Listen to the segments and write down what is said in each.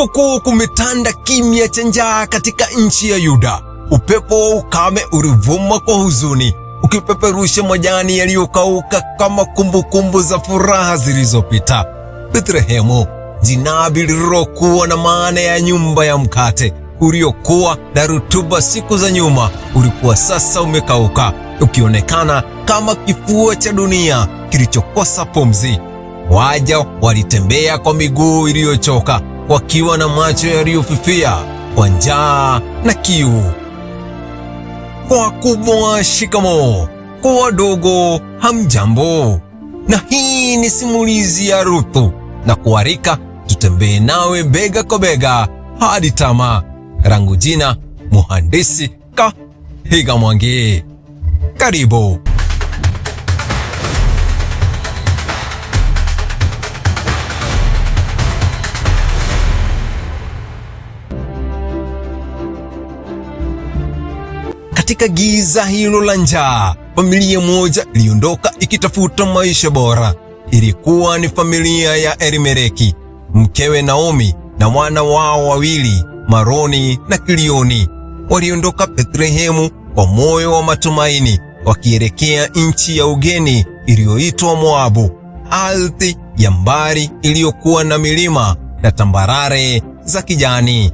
Kulipokuwa kumetanda kimya cha njaa katika nchi ya Yuda, upepo wa ukame ulivuma kwa huzuni, ukipeperusha majani yaliyokauka kama kumbukumbu kumbu za furaha zilizopita. Bethlehemu, jina lililokuwa na maana ya nyumba ya mkate uliokuwa na rutuba siku za nyuma, ulikuwa sasa umekauka, ukionekana kama kifua cha dunia kilichokosa pumzi. Waja walitembea kwa miguu iliyochoka wakiwa na macho yaliyofifia kwa njaa na kiu. Kwa kubwa shikamo, kwa wadogo hamjambo. Na hii ni simulizi ya Ruthu na kuarika tutembee nawe bega kwa bega hadi tama. Rangu jina Muhandisi Kahiga Mwangi, karibu. Katika giza hilo la njaa, familia moja iliondoka ikitafuta maisha bora. Ilikuwa ni familia ya Elimeleki, mkewe Naomi na wana wao wawili, Maroni na Kilioni. Waliondoka Bethlehemu kwa moyo wa matumaini, wakielekea nchi ya ugeni iliyoitwa Moabu, ardhi ya mbali iliyokuwa na milima na tambarare za kijani.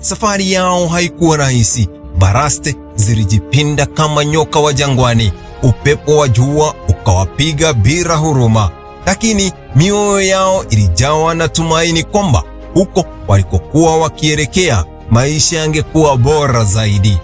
Safari yao haikuwa rahisi, baraste zilijipinda kama nyoka wa jangwani, upepo wa jua ukawapiga bila huruma, lakini mioyo yao ilijawa na tumaini kwamba huko walikokuwa wakielekea maisha yangekuwa bora zaidi.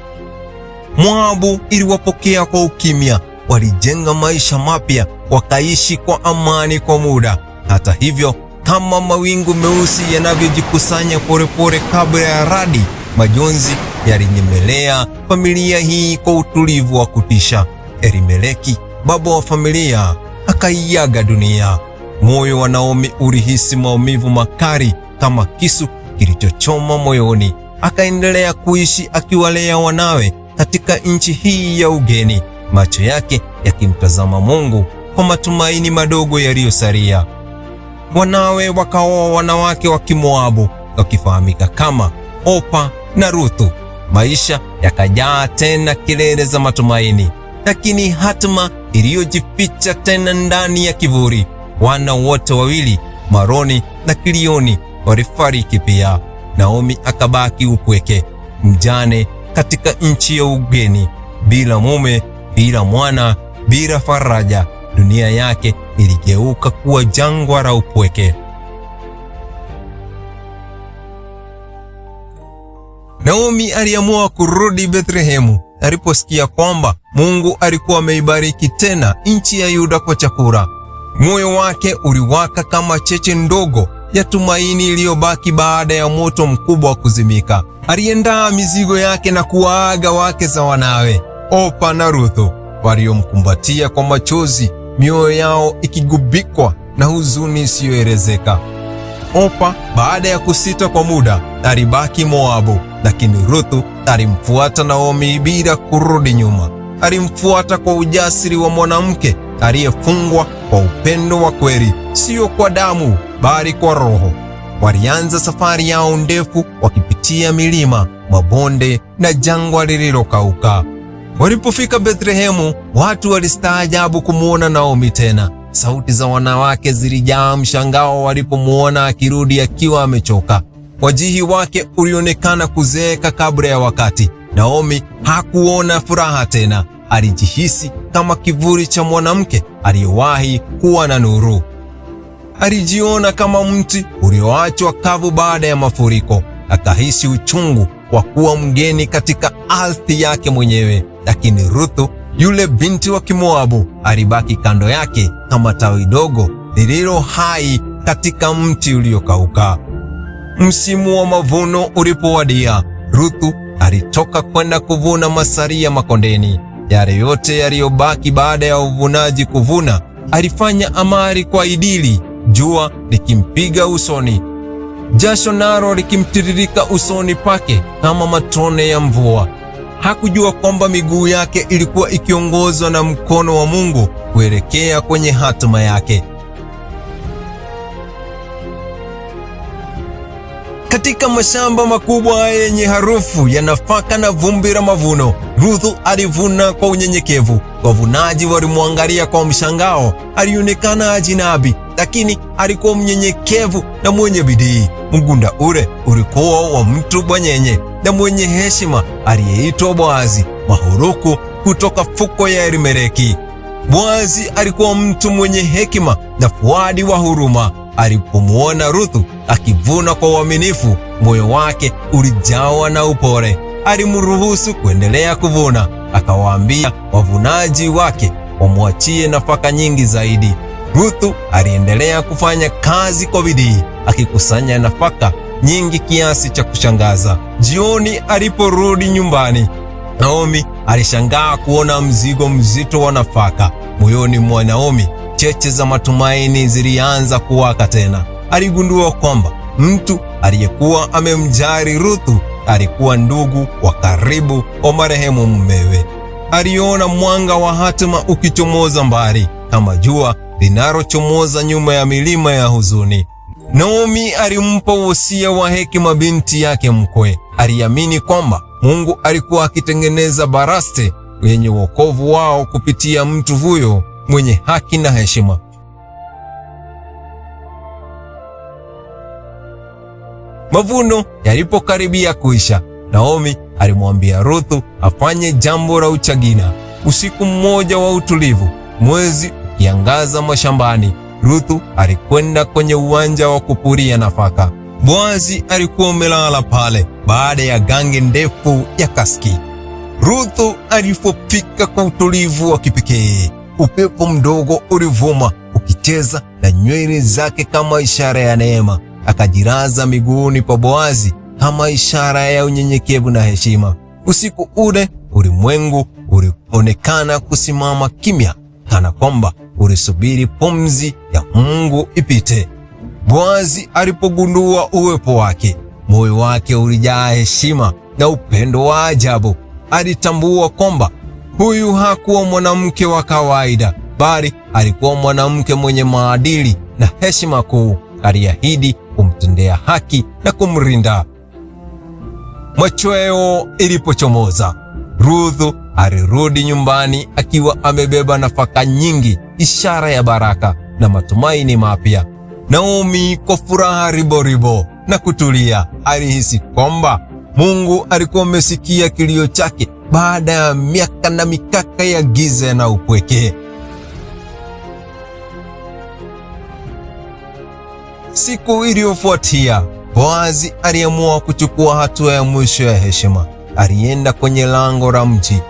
Moabu iliwapokea kwa ukimya, walijenga maisha mapya, wakaishi kwa amani kwa muda. Hata hivyo, kama mawingu meusi yanavyojikusanya polepole kabla ya radi, majonzi yalinyemelea familia hii kwa utulivu wa kutisha. Elimeleki, baba wa familia, akaiaga dunia. Moyo wa Naomi ulihisi maumivu makali kama kisu kilichochoma moyoni. Akaendelea kuishi akiwalea wanawe katika nchi hii ya ugeni, macho yake yakimtazama Mungu kwa matumaini madogo yaliyosalia. Wanawe wakaoa wanawake wa Kimoabu wakifahamika kama Opa na Ruthu maisha yakajaa tena kelele za matumaini, lakini hatima iliyojificha tena ndani ya kivuli. Wana wote wawili Maroni na Kilioni walifariki pia. Naomi akabaki upweke, mjane katika nchi ya ugeni, bila mume, bila mwana, bila faraja. Dunia yake iligeuka kuwa jangwa la upweke. Naomi aliamua kurudi Bethlehemu aliposikia kwamba Mungu alikuwa ameibariki tena nchi ya Yuda kwa chakula. Moyo wake uliwaka kama cheche ndogo ya tumaini iliyobaki baada ya moto mkubwa wa kuzimika. Aliendaa mizigo yake na kuwaaga wake za wanawe Opa na Ruthu waliomkumbatia kwa machozi, mioyo yao ikigubikwa na huzuni isiyoelezeka. Opa, baada ya kusita kwa muda, alibaki Moabu lakini Ruthu alimfuata Naomi bila kurudi nyuma. Alimfuata kwa ujasiri wa mwanamke aliyefungwa kwa upendo wa kweli, sio kwa damu, bali kwa roho. Walianza safari yao ndefu, wakipitia milima, mabonde na jangwa lililokauka. Walipofika Bethlehemu, watu walistaajabu kumwona Naomi tena. Sauti za wanawake zilijaa mshangao walipomuona akirudi akiwa amechoka, Wajihi wake ulionekana kuzeeka kabla ya wakati. Naomi hakuona furaha tena, alijihisi kama kivuli cha mwanamke aliyewahi kuwa na nuru. Alijiona kama mti ulioachwa kavu baada ya mafuriko, akahisi uchungu kwa kuwa mgeni katika ardhi yake mwenyewe. Lakini Ruthu, yule binti wa Kimoabu, alibaki kando yake kama tawi dogo lililo hai katika mti uliokauka. Msimu wa mavuno ulipowadia, Ruthu alitoka kwenda kuvuna masalia makondeni. Yale yote yaliyobaki baada ya uvunaji kuvuna, alifanya amari kwa idili, jua likimpiga usoni, jasho nalo likimtiririka usoni pake kama matone ya mvua. Hakujua kwamba miguu yake ilikuwa ikiongozwa na mkono wa Mungu kuelekea kwenye hatima yake. Katika mashamba makubwa yenye harufu ya nafaka na vumbi la mavuno, Ruthu alivuna kwa unyenyekevu. Wavunaji walimwangalia kwa mshangao. Alionekana ajinabi, lakini alikuwa mnyenyekevu na mwenye bidii. Mgunda ule ulikuwa wa mtu bwanyenye na mwenye heshima aliyeitwa Boazi Mahuruku kutoka fuko ya Elimeleki. Boazi alikuwa mtu mwenye hekima na fuadi wa huruma. Alipomwona Ruthu akivuna kwa uaminifu, moyo wake ulijawa na upore. Alimruhusu kuendelea kuvuna, akawaambia wavunaji wake wamwachie nafaka nyingi zaidi. Ruthu aliendelea kufanya kazi kwa bidii, akikusanya nafaka nyingi kiasi cha kushangaza. Jioni aliporudi nyumbani, Naomi alishangaa kuona mzigo mzito wa nafaka. Moyoni mwa Naomi cheche za matumaini zilianza kuwaka tena. Aligundua kwamba mtu aliyekuwa amemjari Ruthu alikuwa ndugu wa karibu wa marehemu mumewe. Aliona mwanga wa hatima ukichomoza mbali kama jua linalochomoza nyuma ya milima ya huzuni. Naomi alimpa wosia wa hekima binti yake mkwe. Aliamini kwamba Mungu alikuwa akitengeneza baraste yenye wokovu wao kupitia mtu huyo mwenye haki na heshima. Mavuno yalipokaribia kuisha, Naomi alimwambia Ruthu afanye jambo la uchagina. Usiku mmoja wa utulivu, mwezi ukiangaza mashambani, Ruthu alikwenda kwenye uwanja wa kupuria nafaka. Boazi alikuwa amelala pale baada ya gange ndefu ya kaski. Ruthu alipofika kwa utulivu wa kipekee upepo mdogo ulivuma ukicheza na nywele zake kama ishara ya neema. Akajiraza miguuni pa Boazi kama ishara ya unyenyekevu na heshima. Usiku ule ulimwengu ulionekana kusimama kimya, kana kwamba ulisubiri pumzi ya Mungu ipite. Boazi alipogundua uwepo wake, moyo wake ulijaa heshima na upendo wa ajabu. Alitambua kwamba Huyu hakuwa mwanamke wa kawaida, bali alikuwa mwanamke mwenye maadili na heshima kuu. Aliahidi kumtendea haki na kumrinda. Machweo ilipochomoza, Ruthu alirudi nyumbani akiwa amebeba nafaka nyingi, ishara ya baraka na matumaini mapya. Naomi kwa furaha riboribo na kutulia, alihisi kwamba Mungu alikuwa amesikia kilio chake baada ya miaka na mikaka ya giza na upweke. Siku iliyofuatia Boazi aliamua kuchukua hatua ya mwisho ya heshima. Alienda kwenye lango la mji,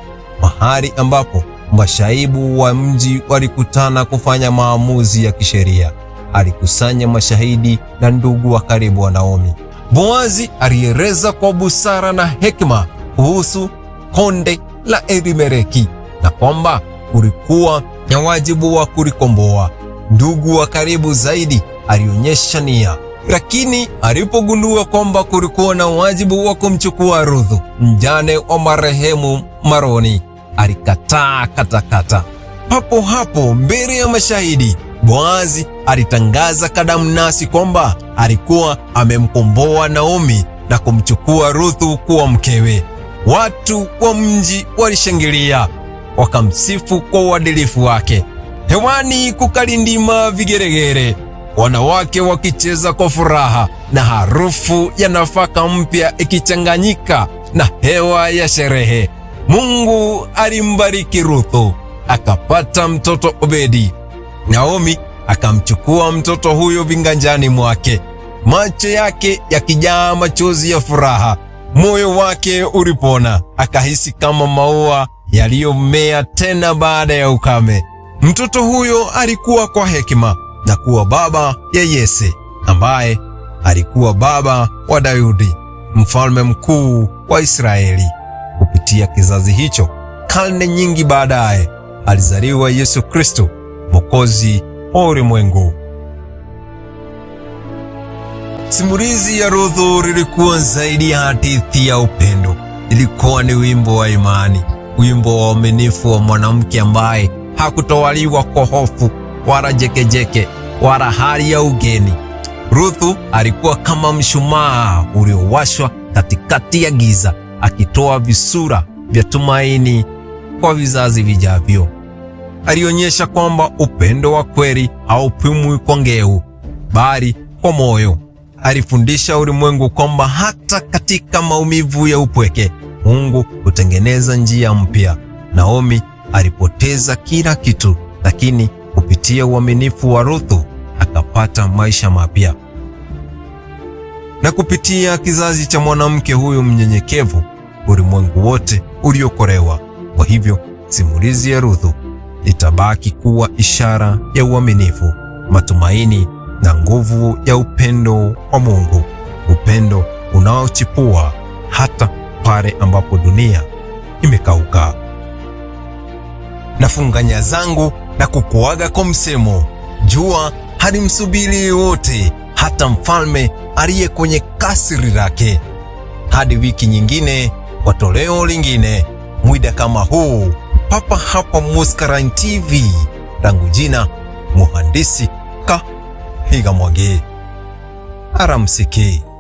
mahali ambapo mashaibu wa mji walikutana kufanya maamuzi ya kisheria. Alikusanya mashahidi na ndugu wa karibu wa Naomi. Boazi alieleza kwa busara na hekima kuhusu konde la Elimeleki na kwamba kulikuwa na wajibu wa kulikomboa. Ndugu wa karibu zaidi alionyesha nia, lakini alipogundua kwamba kulikuwa na wajibu wa kumchukua Ruthu, mjane wa marehemu Maroni, alikataa katakata. Papo hapo mbele ya mashahidi Boazi alitangaza kadamnasi kwamba alikuwa amemkomboa Naomi na kumchukua Ruthu kuwa mkewe. Watu wa mji walishangilia wakamsifu kwa uadilifu wake. Hewani kukalindima vigeregere, wanawake wakicheza kwa furaha na harufu ya nafaka mpya ikichanganyika na hewa ya sherehe. Mungu alimbariki Ruthu, akapata mtoto Obedi. Naomi akamchukua mtoto huyo vinganjani mwake, macho yake yakijaa machozi ya furaha moyo wake ulipona, akahisi kama maua yaliyomea tena baada ya ukame. Mtoto huyo alikuwa kwa hekima na kuwa baba ya Yese ambaye alikuwa baba wa Daudi mfalme mkuu wa Israeli. Kupitia kizazi hicho, karne nyingi baadaye, alizaliwa Yesu Kristo mwokozi wa ulimwengu. Simulizi ya Ruthu lilikuwa zaidi ya hadithi ya upendo, ilikuwa ni wimbo wa imani, wimbo wa uaminifu wa mwanamke ambaye hakutawaliwa kwa hofu wala jekejeke wala hali ya ugeni. Ruthu alikuwa kama mshumaa uliowashwa katikati ya giza, akitoa visura vya tumaini kwa vizazi vijavyo. Alionyesha kwamba upendo wa kweli haupimwi kwa ngeu, bali kwa moyo alifundisha ulimwengu kwamba hata katika maumivu ya upweke Mungu hutengeneza njia mpya. Naomi alipoteza kila kitu, lakini kupitia uaminifu wa Ruthu akapata maisha mapya. Na kupitia kizazi cha mwanamke huyu mnyenyekevu, ulimwengu wote uliokolewa. Kwa hivyo simulizi ya Ruthu itabaki kuwa ishara ya uaminifu, matumaini na nguvu ya upendo wa Mungu, upendo unaochipua hata pale ambapo dunia imekauka. Nafunga nya zangu na kukuaga kwa msemo, jua halimsubiri yoyote, hata mfalme aliye kwenye kasri lake. Hadi wiki nyingine kwa toleo lingine, mwida kama huu papa hapa Muscline TV. Langu jina Muhandisi piga mwangi, Aramsikii.